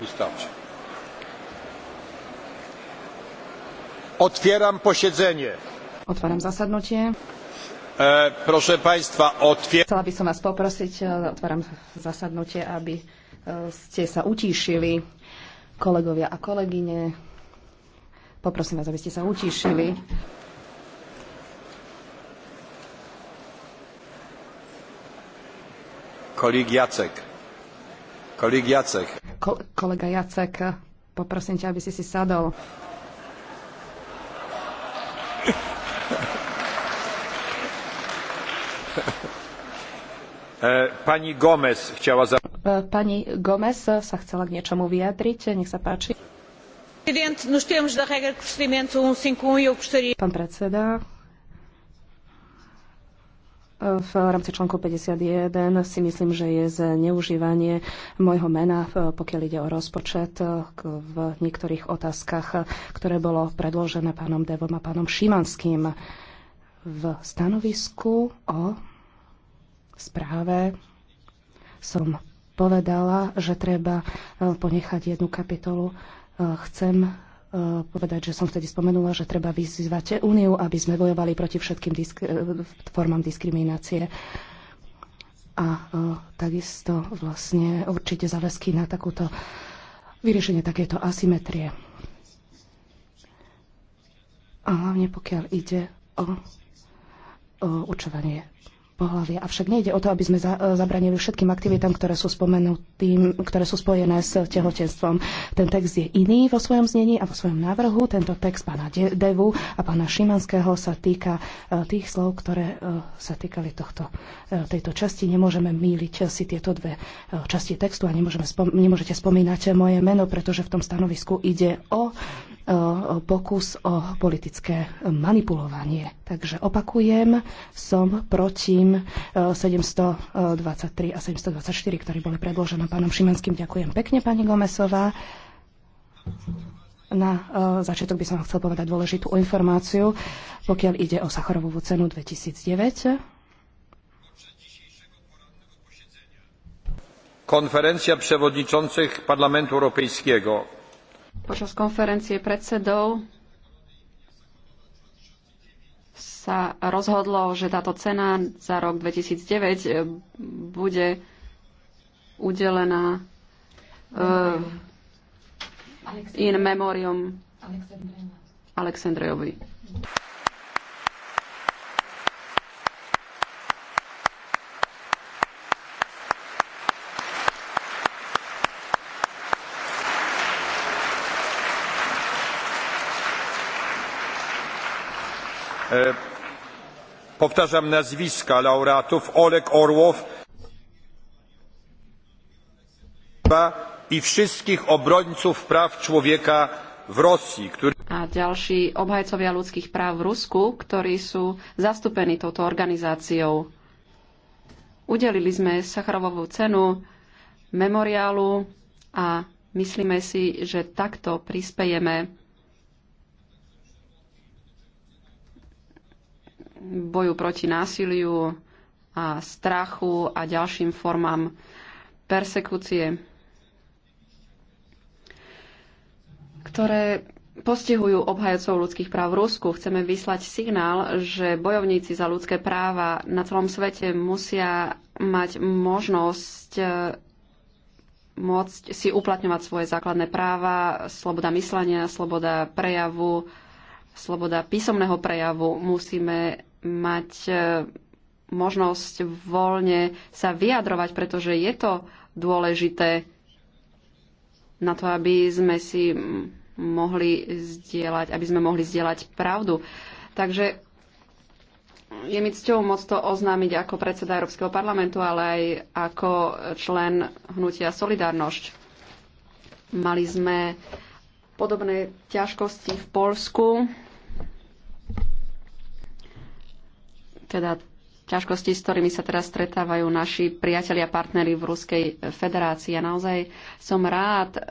Wystarczy. Otwieram posiedzenie. Otváram zasadnutie. E, proszę Państwa, otwieram... Chcela by som vás poprosiť, e, otváram zasadnutie, aby e, ste sa utíšili, kolegovia a kolegyne. Poprosím vás, aby ste sa utíšili. Kolik Jacek. Kolik Jacek ko- Kolega Jacek, poprosím ťa, aby si si sadol. E, pani Gomez chciała za... E, pani Gomez sa chcela k niečomu vyjadriť. Nech sa páči. Um um e Pán predseda, v rámci článku 51 si myslím, že je zneužívanie môjho mena, eh, pokiaľ ide o rozpočet eh, v niektorých otázkach, eh, ktoré bolo predložené pánom Devom a pánom Šimanským v stanovisku o správe som povedala, že treba ponechať jednu kapitolu. Chcem Eh, povedať, že som vtedy spomenula, že treba vyzývať úniu, aby sme bojovali proti všetkým disk- eh, formám diskriminácie. A eh, takisto vlastne určite záväzky na takúto vyriešenie takéto asymetrie. A hlavne pokiaľ ide o, o určovanie pohľavie. Avšak nejde o to, aby sme za, e, zabranili všetkým aktivitám, ktoré sú, spomenutým, ktoré sú spojené s tehotenstvom. Ten text je iný vo svojom znení a vo svojom návrhu. Tento text pána De- Devu a pána Šimanského sa týka e, tých slov, ktoré e, sa týkali tohto, tejto časti. Nemôžeme míliť si tieto dve časti textu a nemôžeme spom- nemôžete spomínať moje meno, pretože v tom stanovisku ide o Eh, pokus o politické manipulovanie. Takže opakujem, som proti eh, 723 a 724, ktoré boli predložené pánom Šimenským. Ďakujem pekne, pani Gomesová. Na eh, začiatok by som chcel povedať dôležitú informáciu, pokiaľ ide o Sacharovú cenu 2009. Konferencja przewodniczących Parlamentu Europejskiego Počas konferencie predsedov sa rozhodlo, že táto cena za rok 2009 e, bude udelená uh, in memoriam Aleksandrejovi. E, powtarzam nazwiska laureatów Oleg Orłow i wszystkich obrońców praw człowieka w rosji ktorý... A ďalší obhajcovia ľudských práv v Rusku, ktorí sú zastúpení touto organizáciou. Udelili sme Sacharovovú cenu memoriálu a myslíme si, že takto prispejeme boju proti násiliu a strachu a ďalším formám persekúcie, ktoré postihujú obhajcov ľudských práv v Rusku. Chceme vyslať signál, že bojovníci za ľudské práva na celom svete musia mať možnosť e, môcť si uplatňovať svoje základné práva, sloboda myslenia, sloboda prejavu, sloboda písomného prejavu. Musíme mať e, možnosť voľne sa vyjadrovať, pretože je to dôležité na to, aby sme si mohli zdieľať, aby sme mohli zdieľať pravdu. Takže je mi cťou moc to oznámiť ako predseda Európskeho parlamentu, ale aj ako člen hnutia Solidarnosť. Mali sme podobné ťažkosti v Polsku, teda ťažkosti, s ktorými sa teraz stretávajú naši priatelia a partnery v Ruskej federácii. A naozaj som rád, e,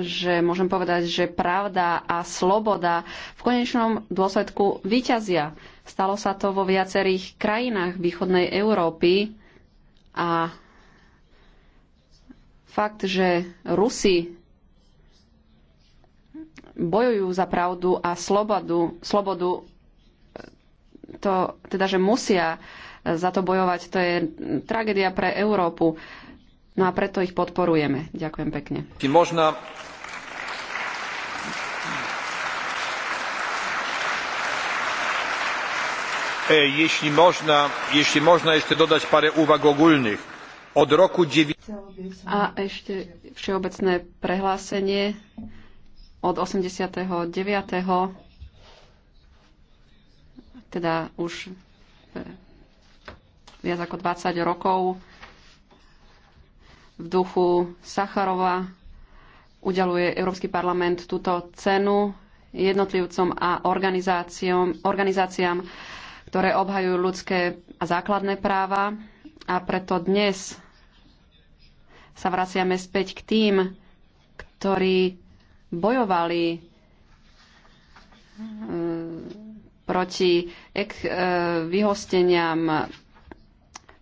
že môžem povedať, že pravda a sloboda v konečnom dôsledku vyťazia. Stalo sa to vo viacerých krajinách východnej Európy a fakt, že Rusi bojujú za pravdu a slobodu, slobodu to, teda, že musia e, za to bojovať, to je tragédia pre Európu. No a preto ich podporujeme. Ďakujem pekne. Možno... E, jeśli można, jeśli można jeszcze dodać parę uwag ogólnych. Od roku 9... A ešte všeobecné prehlásenie od 89 teda už e, viac ako 20 rokov v duchu Sacharova udeluje Európsky parlament túto cenu jednotlivcom a organizáciám, organizáciám ktoré obhajujú ľudské a základné práva. A preto dnes sa vraciame späť k tým, ktorí bojovali proti ek, e, vyhosteniam,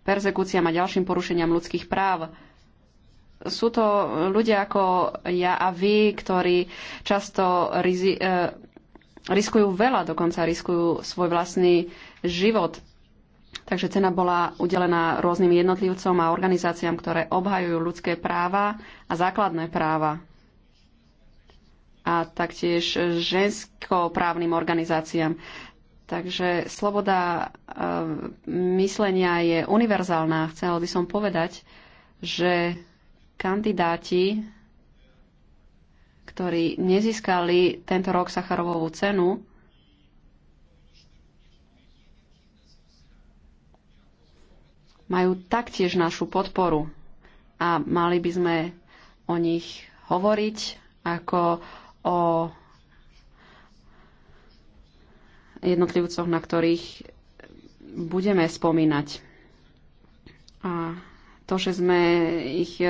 perzekúciám a ďalším porušeniam ľudských práv. Sú to ľudia ako ja a vy, ktorí často rizi, e, riskujú veľa, dokonca riskujú svoj vlastný život. Takže cena bola udelená rôznym jednotlivcom a organizáciám, ktoré obhajujú ľudské práva a základné práva a taktiež ženskoprávnym organizáciám. Takže sloboda e, myslenia je univerzálna. Chcela by som povedať, že kandidáti, ktorí nezískali tento rok Sacharovovú cenu, majú taktiež našu podporu a mali by sme o nich hovoriť ako o jednotlivcoch, na ktorých budeme spomínať. A to, že sme ich e,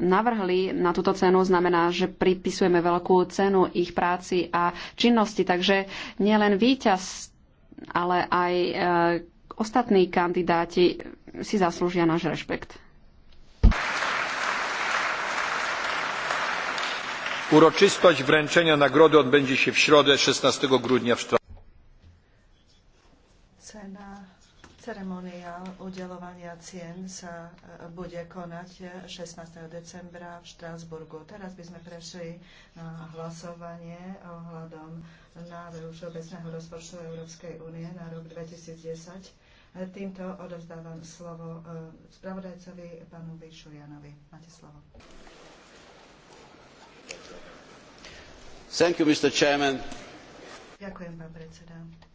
navrhli na túto cenu, znamená, že pripisujeme veľkú cenu ich práci a činnosti. Takže nielen víťaz, ale aj e, ostatní kandidáti si zaslúžia náš rešpekt. Uroczystość wręczenia nagrody odbędzie się w środę 16 grudnia w Strasburgu. Cena, ceremonia udelovania cien sa e, bude konať 16. E, decembra v Štrásburgu. Teraz by sme prešli na hlasovanie ohľadom návrhu Všeobecného rozpočtu Európskej únie na rok 2010. E, týmto odovzdávam slovo spravodajcovi, pánu Janovi. Máte slovo. Thank you, Mr. Chairman. Ďakujem, pán predseda.